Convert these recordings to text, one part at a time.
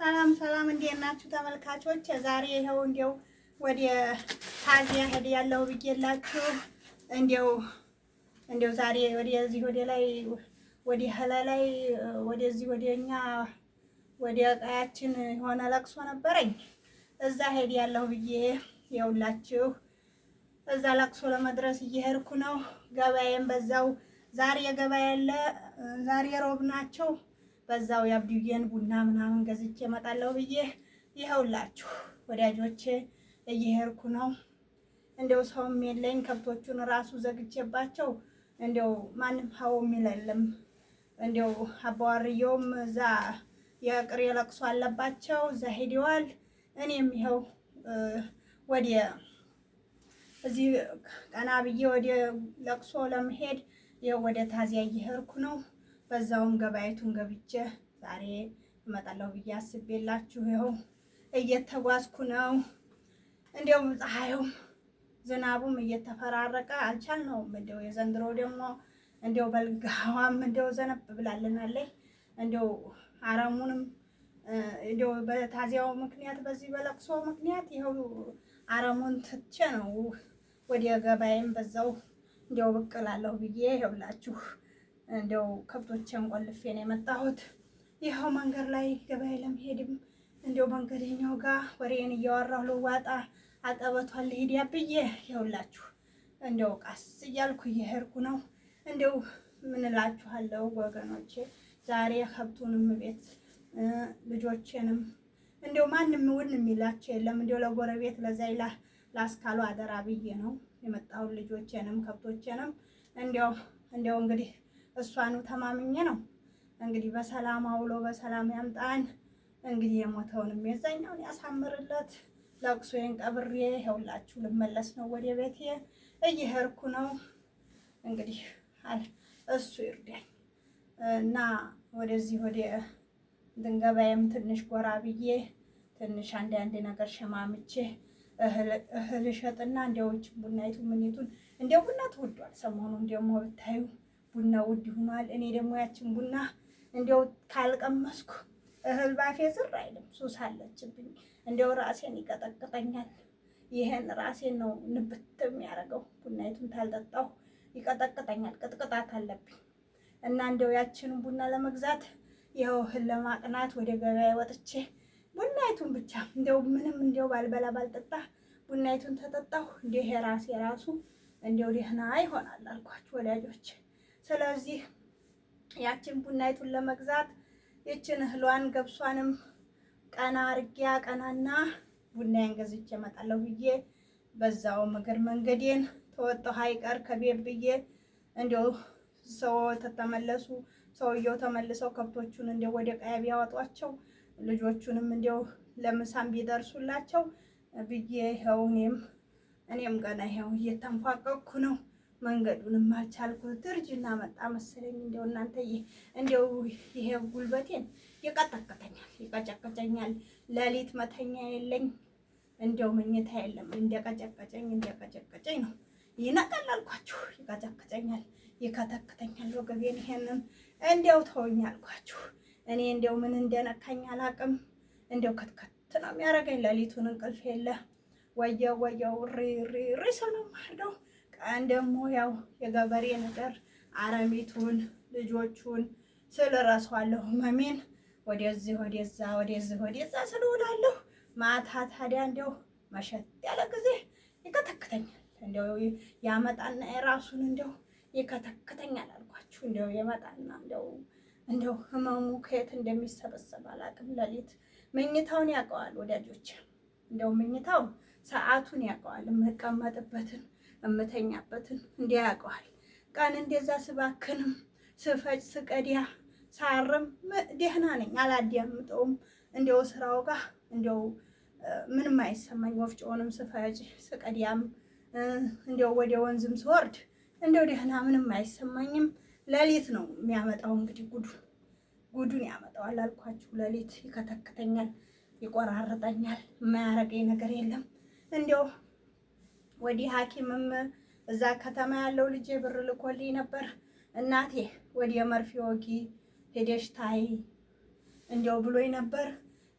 ሰላም ሰላም፣ እንዴት ናችሁ ተመልካቾች? ዛሬ ይኸው እንዲያው ወደ ታዚያ ሄድ ያለው ብዬላችሁ እንዲያው እንዲያው ዛሬ ወደዚህ ወደ ላይ ወደ ሀለ ላይ ወደዚህ ወደኛ ወደ ቀያችን የሆነ ለቅሶ ነበረኝ። እዛ ሄድ ያለው ብዬ ይኸውላችሁ እዛ ለቅሶ ለመድረስ እየሄድኩ ነው። ገበያም በዛው ዛሬ ገበያ ያለ ዛሬ ሮብ ናቸው በዛው የአብዱዬን ቡና ምናምን ገዝቼ እመጣለሁ ብዬ ይኸውላችሁ ወዳጆቼ እየሄድኩ ነው። እንደው ሰውም የለኝ ከብቶቹን ራሱ ዘግቼባቸው እንደው ማንም ሀው የሚል የለም። እንደው አባዋርየውም እዛ የቅሬ ለቅሶ አለባቸው እዛ ሄደዋል። እኔም ይኸው ወደ እዚህ ቀና ብዬ ወደ ለቅሶ ለመሄድ ይኸው ወደ ታዚያ እየሄድኩ ነው። በዛውም ገበያቱን ገብቼ ዛሬ እመጣለሁ ብዬ አስቤላችሁ ይኸው እየተጓዝኩ ነው። እንዲያውም ፀሐዩም ዝናቡም እየተፈራረቀ አልቻልነውም። እንዲያው የዘንድሮ ደግሞ እንዲያው በልጋዋም እንዲያው ዘነብ ብላልናለች። እንዲያው አረሙንም እንዲያው በታዚያው ምክንያት በዚህ በለቅሶ ምክንያት ይኸው አረሙን ትቼ ነው ወደ ገበያም በዛው እንዲያው ብቅ እላለሁ ብዬ ይኸውላችሁ እንደው ከብቶቼን ቆልፌ ነው የመጣሁት። ይኸው መንገድ ላይ ገበያ ለመሄድም እንደው መንገደኛው ጋር ወሬን እያወራሁ ልዋጣ አቀበቷል ልሄድ ያብዬ ይኸውላችሁ እንደው ቃስ እያልኩ እየሄድኩ ነው። እንደው ምንላችኋለው ወገኖቼ፣ ዛሬ ከብቱንም ቤት ልጆቼንም እንደው ማንም ውን የሚላቸው የለም። እንደው ለጎረቤት ለዛይ ላስካሉ አደራ ብዬ ነው የመጣሁት። ልጆቼንም ከብቶቼንም እንደው እንደው እንግዲህ እሷኑ ተማምኜ ነው እንግዲህ በሰላም አውሎ በሰላም ያምጣን። እንግዲህ የሞተውንም የዛኛውን ያሳምርለት። ለቅሶዬን ቀብሬ ይኸውላችሁ ልመለስ ነው ወደ ቤቴ እየሄድኩ ነው። እንግዲህ እሱ ይርዳኝ እና ወደዚህ ወደ ድንገባዬም ትንሽ ጎራ ብዬ ትንሽ አንድ አንድ ነገር ሸማምቼ እህል እሸጥና እንደዎች ቡናይቱ ምኒቱን እንደ ቡና ትወዷል ሰሞኑን ደግሞ ብታዩ ቡና ውድ ይሆናል። እኔ ደግሞ ያችን ቡና እንዲያው ካልቀመስኩ እህል ባፌ ዝር አይልም። ሱስ አለችብኝ። እንዲያው ራሴን ይቀጠቅጠኛል። ይሄን ራሴን ነው ንብት የሚያደርገው። ቡናይቱን ታልጠጣው ይቀጠቅጠኛል። ቅጥቅጣት አለብኝ እና እንዲያው ያችንን ቡና ለመግዛት ይኸው እህል ለማቅናት ወደ ገበያ ወጥቼ ቡናይቱን ብቻ እንዲያው ምንም እንዲያው ባልበላ ባልጠጣ ቡናይቱን ተጠጣሁ። እንዲህ የራሴ ራሱ እንዲያው ደህና ይሆናል አልኳችሁ ወዳጆች። ስለዚህ ያችን ቡናይቱን ለመግዛት ይችን እህሏን ገብሷንም ቀና አርጊያ ቀናና ቡናዬን ገዝቼ እመጣለሁ ብዬ በዛው እግር መንገዴን ተወጣሁ። አይቀር ከቤት ብዬ እንዲያው ሰው ተተመለሱ ሰውየው ተመልሰው ከብቶቹን እንዲያው ወደ ቀያ ቢያወጧቸው ልጆቹንም እንዲያው ለምሳም ቢደርሱላቸው ብዬ ይኸው እኔም እኔም ገና ይኸው እየተንፏቀቅኩ ነው። መንገዱንም አልቻልኩት። እርጅና መጣ መሰለኝ። እንደው እናንተዬ እንደው ይሄ ጉልበቴን ይቀጠቅጠኛል፣ ይቀጨቅጨኛል። ለሊት መተኛ የለኝ እንደው መኝታ የለም። እንደቀጨቀጨኝ እንደቀጨቀጨኝ ነው። ይነቀል አልኳችሁ። ይቀጨቅጨኛል፣ ይከተክተኛል ወገቤን። ይሄንን እንደው ተወኝ አልኳችሁ። እኔ እንደው ምን እንደነካኝ አላቅም። እንደው ከትከት ነው የሚያደርገኝ። ለሊቱን እንቅልፍ የለ። ወየው ወየው ሪሪሪ ሪ ሪ ሰው ነው የማርደው ቀን ደግሞ ያው የገበሬ ነገር አረሚቱን ልጆቹን ስል እረሳዋለሁ መሜን ወደዚህ ወደዛ ወደዚህ ወደዛ ስለውላለሁ። ማታ ታዲያ እንደው መሸት ያለ ጊዜ ይከተክተኛል። እንደው ያመጣና የራሱን እንደው ይከተክተኛል አልኳችሁ። እንደው የመጣና እንደው እንደው ህመሙ ከየት እንደሚሰበሰብ አላውቅም። ለሊት መኝታውን ያውቀዋል ወዳጆች፣ እንደው መኝታው ሰዓቱን ያውቀዋል የምቀመጥበትን እምተኛበትን እንዲህ ያውቀዋል። ቀን እንደዛ ስባክንም ስፈጭ ስቀዲያ ሳርም ደህና ነኝ፣ አላዲያምጠውም እንዲው ስራው ጋር እንዲው ምንም አይሰማኝ። ወፍጮውንም ስፈጭ ስቀዲያም እንዲው ወደ ወንዝም ስወርድ እንደው ደህና ምንም አይሰማኝም። ሌሊት ነው የሚያመጣው እንግዲህ ጉዱ ጉዱን ያመጣዋል አልኳችሁ። ሌሊት ይከተክተኛል፣ ይቆራርጠኛል። የማያረገኝ ነገር የለም እንዲው ወዲህ ሐኪምም እዛ ከተማ ያለው ልጄ ብር ልኮልኝ ነበር። እናቴ ወዲህ መርፌ ወጊ ሄደሽ ታይ እንዲያው ብሎኝ ነበር።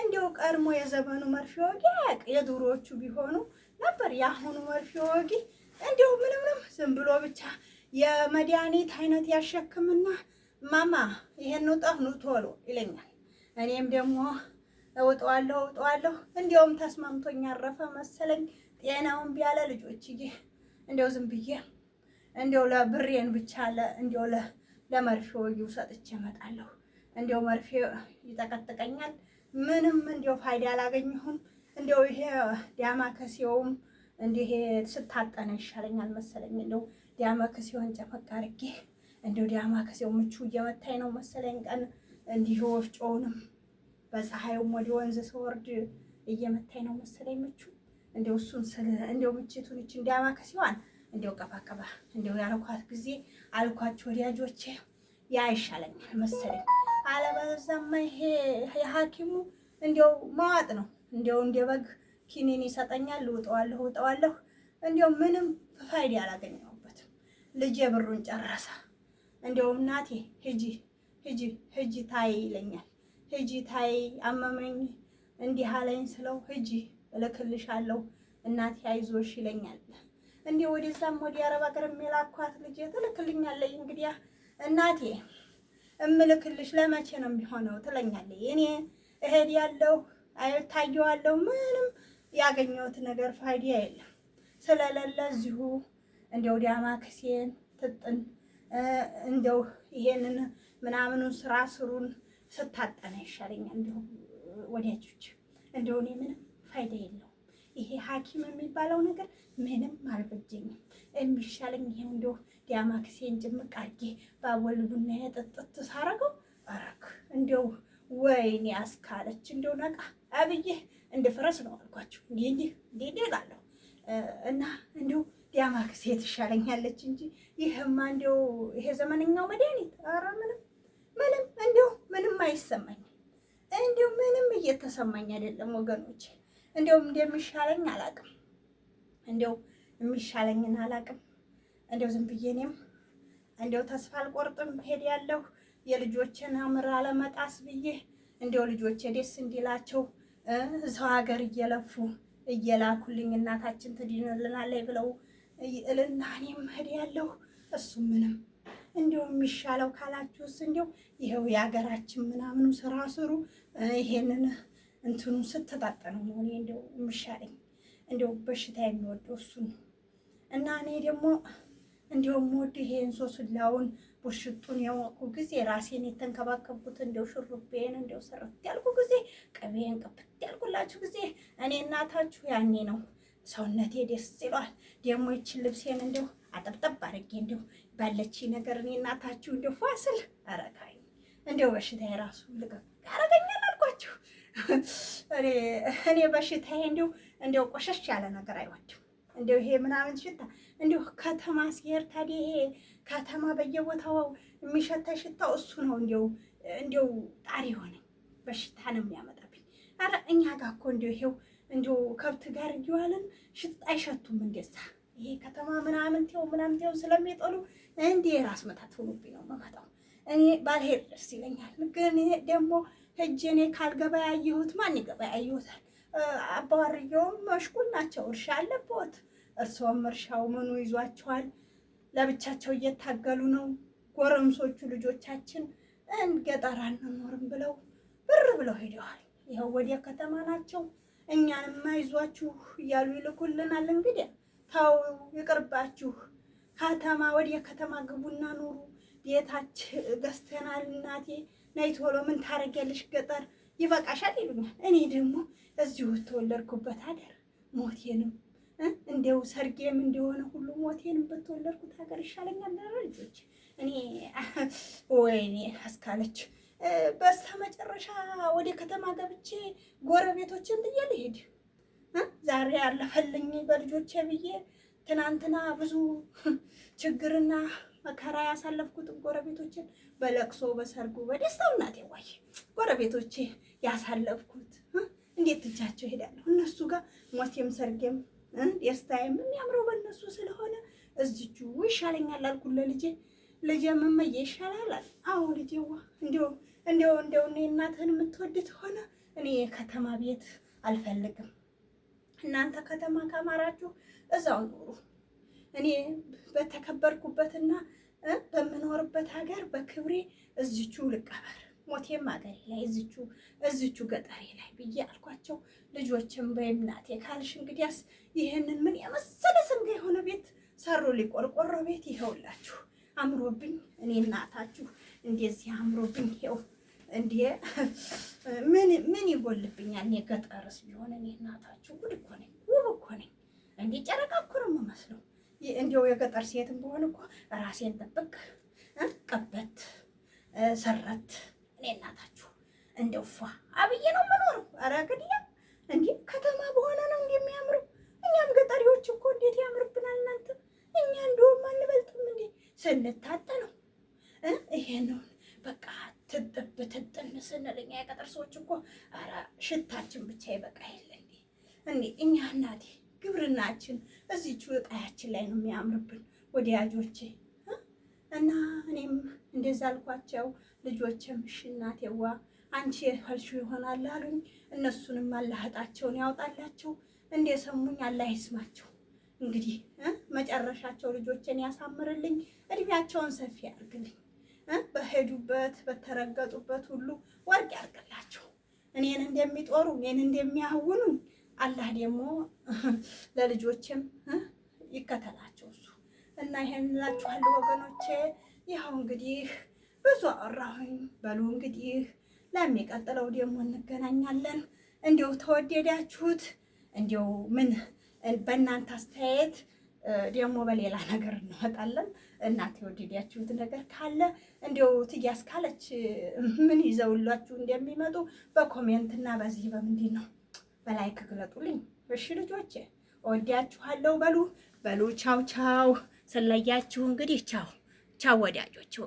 እንዲያው ቀድሞ የዘመኑ መርፌ ወጊ ያቅ የድሮዎቹ ቢሆኑ ነበር። የአሁኑ መርፌ ወጊ እንዲያው ምንምንም ዝም ብሎ ብቻ የመድኃኒት አይነት ያሸክምና ማማ ይሄን ውጠፍ ኑ ቶሎ ይለኛል። እኔም ደግሞ እውጠዋለሁ እውጠዋለሁ። እንዲያውም ተስማምቶኝ ያረፈ መሰለኝ። ጤናውን ቢያለ ልጆችዬ፣ እንደው ዝም ብዬ እንደው ለብሬን ብቻ እንደው ለመርፌው ይው ሰጥቼ እመጣለሁ። እንደው መርፌ ይጠቀጥቀኛል፣ ምንም እንደው ፋይዳ አላገኘሁም። እንደው ይሄ ዳማ ከሴውም እንዲህ ስታጠነ ይሻለኛል መሰለኝ። እንደው ዳማ ከሴውን ጨፈቅ አድርጌ እንደው ዳማ ምቹ እየመታኝ ነው መሰለኝ። ቀን እንዲህ ወፍጮውንም በፀሐዩም ወደ ወንዝ ስወርድ እየመታኝ ነው መሰለኝ ምቹ እንደው እሱን ስለ እንደው ብችቱን እች እንዲያማከ ሲሆን እንደው ቀባቀባ እንደው ያልኳት ጊዜ አልኳቸው ወዳጆቼ ያ ይሻለኛል መሰለኝ። አለበለዚያማ ይሄ የሐኪሙ እንደው መዋጥ ነው። እንደው እንደ በግ ኪኒን ይሰጠኛል፣ እውጠዋለሁ እውጠዋለሁ። እንደው ምንም ፋይዳ አላገኘሁበትም። ልጄ ብሩን ጨረሰ። እንደው እናቴ ሂጂ ሂጂ ሂጂ ታይ ይለኛል። ሂጂ ታይ አመመኝ እንዲህ አለኝ ስለው ሂጂ እልክልሻለሁ እናቴ አይዞሽ ይለኛል። እንዲህ ወደዛም ወደ አረብ ሀገር የሚላኳት ልጄ ትልክልኛለች። እንግዲያ እናቴ እምልክልሽ ለመቼ ነው የሚሆነው ትለኛለች። እኔ እሄድ ያለው አይታየዋለሁ ምንም ያገኘሁት ነገር ፋይዲያ የለም ስለሌለ እዚሁ እንደው ዳማከሴን ትጥን እንደው ይሄንን ምናምኑን ስራ ስሩን ስታጠና ይሻለኛል። እንዲሁ ወዲያጆች እንደው እኔ ምንም ፋይዳ የለውም። ይሄ ሐኪም የሚባለው ነገር ምንም አልበጀኝም። የሚሻለኝ ይሄው እንዲ ዲያማክሴን ጭምቅ አድርጌ ባቦል ቡና የጥጥት ሳረገው አረክ እንዲው ወይኔ አስካለች እንደው ነቃ አብዬ እንደ ፈረስ ነው አልኳቸው። እንዲህ እንዲህ እላለሁ እና እንዲሁ ዲያማክሴ ትሻለኛለች እንጂ ይህማ እንዲው ይሄ ዘመነኛው መድኃኒት ኧረ ምንም ምንም እንዲሁ ምንም አይሰማኝም። እንዲሁ ምንም እየተሰማኝ አይደለም ወገኖቼ። እንዲያው እንደሚሻለኝ አላቅም። እንዲያው የሚሻለኝን አላቅም። እንዲያው ዝም ብዬ እኔም እንዲያው ተስፋ አልቆርጥም። ሄድ ያለሁ የልጆችን አምር አለመጣስ ብዬ እንዲያው ልጆቼ ደስ እንዲላቸው እዛው ሀገር እየለፉ እየላኩልኝ እናታችን ትድንልናለች ብለው እልና እኔም ሄድ ያለሁ እሱ ምንም እንዲው የሚሻለው ካላችሁስ እንዲው ይኸው የሀገራችን ምናምኑ ስራ ስሩ ይሄንን እንትኑ ስተጣጠነው ነው እኔ እንደው የምሻለኝ እንደው በሽታ የሚወደው ነው እና እኔ ደግሞ እንዲሁም ወድ ይሄን ሶስላውን ቡሽጡን የወቁ ጊዜ ራሴን የተንከባከብኩት እንደው ሽሩቤን እንደው ሰረት ያልኩ ጊዜ ቅቤን ቅብት ያልኩላችሁ ጊዜ እኔ እናታችሁ ያኔ ነው ሰውነቴ ደስ ይሏል። ደግሞ ይችን ልብሴን እንደው አጠብጠብ አድርጌ እንደው ባለች ነገር እኔ እናታችሁ እንደው ፏስል አረጋኝ እንደው በሽታ የራሱ ልቀ ያረገኛል። እኔ በሽታዬ እንዲሁ እንዲሁ ቆሸሽ ያለ ነገር አይወድም። እንዲሁ ይሄ ምናምን ሽታ እንዲሁ ከተማ ሲሄድ ታዲያ ይሄ ከተማ በየቦታው የሚሸተ ሽታው እሱ ነው። እንዲሁ እንዲሁ ጣሪ ሆነኝ በሽታ ነው የሚያመጣብኝ። አረ እኛ ጋር እኮ እንዲሁ ይሄው እንዲሁ ከብት ጋር እየዋልን ሽታ አይሸቱም። እንደዛ ይሄ ከተማ ምናምን ቴው ምናምን ቴው ስለሚጠሉ እንዲህ የራስ መታት ሆኖብኝ ነው የምመጣው። እኔ ባልሄድ ደስ ይለኛል፣ ግን ደግሞ ሄጄ እኔ ያየሁት ማን ይገበያየሁታል? አባዋርየውም መሽኩል ናቸው፣ እርሻ አለቦት። እርስዎም እርሻው ምኑ ይዟቸዋል። ለብቻቸው እየታገሉ ነው። ጎረምሶቹ ልጆቻችን እንገጠር አንኖርም ብለው ብር ብለው ሄደዋል። ይኸው ወዲያ ከተማ ናቸው። እኛንማ ይዟችሁ እያሉ ይልኩልናል። እንግዲህ ታው ይቅርባችሁ፣ ከተማ ወዲያ ከተማ ግቡና ኑሩ። ቤታች ገዝተናል እናቴ ነይ ቶሎ ምን ታረጊያለሽ ገጠር ይበቃሻል ይሉኛል። እኔ ደግሞ እዚሁ ተወለድኩበት ሀገር ሞቴንም እንዲያው ሰርጌም እንደሆነ ሁሉ ሞቴንም በተወለድኩት ሀገር ይሻለኛል። ልጆች እኔ ወይኔ አስካለች በስተ መጨረሻ ወደ ከተማ ገብቼ ጎረቤቶችን ብዬ ልሄድ ዛሬ ያለፈልኝ በልጆቼ ብዬ ትናንትና ብዙ ችግርና መከራ ያሳለፍኩትን ጎረቤቶችን በለቅሶ በሰርጉ በደስታው እናቴ ዋይ ጎረቤቶቼ ያሳለፍኩት እንዴት ትቻቸው እሄዳለሁ? እነሱ ጋር ሞቴም ሰርጌም ደስታዬም የሚያምረው በእነሱ ስለሆነ እዚቹ ይሻለኛል አልኩት ለልጄ። ልጄ እመዬ ይሻላል አለ። አዎ ልጄዋ፣ እንዲያው እንዲያው እንዲያው እኔ እናትህን የምትወድ ሆነ እኔ የከተማ ቤት አልፈልግም። እናንተ ከተማ ካማራችሁ እዛው ኑሩ። እኔ በተከበርኩበትና በምኖርበት ሀገር በክብሬ እዝቹ ልቀበር ሞቴም ሀገሬ ላይ እዝቹ እዝቹ ገጠሬ ላይ ብዬ አልኳቸው። ልጆችም በእምናቴ ካልሽ እንግዲያስ ይህንን ምን የመሰለ ሰንጋ የሆነ ቤት ሰሩ ሊቆርቆሮ ቤት ይኸውላችሁ አምሮብኝ እኔ እናታችሁ እንደዚህ አምሮብኝ ይኸው እንዴ ምን ምን ይጎልብኛል? እኔ ገጠርስ ቢሆን እኔ እናታችሁ ጉድ እኮ ነኝ፣ ውብ እኮ ነኝ። እንዴ ጨረቃ እኮ ነው የምመስለው። እንዲያው የገጠር ሴትም በሆን እኮ ራሴን ጠብቅ ቀበት ሰረት እኔ እናታችሁ እንደውፋ አብዬ ነው የምኖረው። ኧረ ግድያ እንዲህ ከተማ በሆነ ነው እንደሚያምረው። እኛም ገጠሪዎች እኮ እንዴት ያምርብናል እናንተ። እኛ እንደውም አንበልጥም እንዴ ስንታጠ ነው ይሄ ነው በቃ ትጥብ ትጥን ስንል እኛ ሰዎች እኮ ኧረ ሽታችን ብቻ ይበቃ የለ እንዴ እኛ እናቴ ግብርናችን እዚቹ እቃያችን ላይ ነው የሚያምርብን ወዳጆቼ። እና እኔም እንደዛ አልኳቸው። ልጆችም እሺ እናቴዋ አንቺ የፈልሹ ይሆናል አሉኝ። እነሱንም አላህጣቸውን ያውጣላቸው። እንደሰሙኝ አላህ ይስማቸው። እንግዲህ መጨረሻቸው ልጆችን ያሳምርልኝ፣ እድሜያቸውን ሰፊ ያርግልኝ፣ በሄዱበት በተረገጡበት ሁሉ ወርቅ ያርግላቸው። እኔን እንደሚጦሩ እኔን እንደሚያውኑኝ አላህ ደግሞ ለልጆችም ይከተላቸው እሱ እና ይሄን እላችኋለሁ ወገኖቼ። ይኸው እንግዲህ ብዙ አወራሁኝ። በሉ እንግዲህ ለሚቀጥለው ደግሞ እንገናኛለን። እንዲው ተወደዳችሁት እንዲው ምን በእናንተ አስተያየት ደግሞ በሌላ ነገር እንወጣለን። እናንተ የወደዳችሁት ነገር ካለ እንዲው ትያስ ካለች ምን ይዘውላችሁ እንደሚመጡ በኮሜንትና በዚህ በምንድን ነው በላይክ ግለጡልኝ። እሺ ልጆቼ ወዲያችኋለሁ። በሉ በሉ፣ ቻው ቻው። ስለያችሁ እንግዲህ ቻው ቻው ወዳጆች።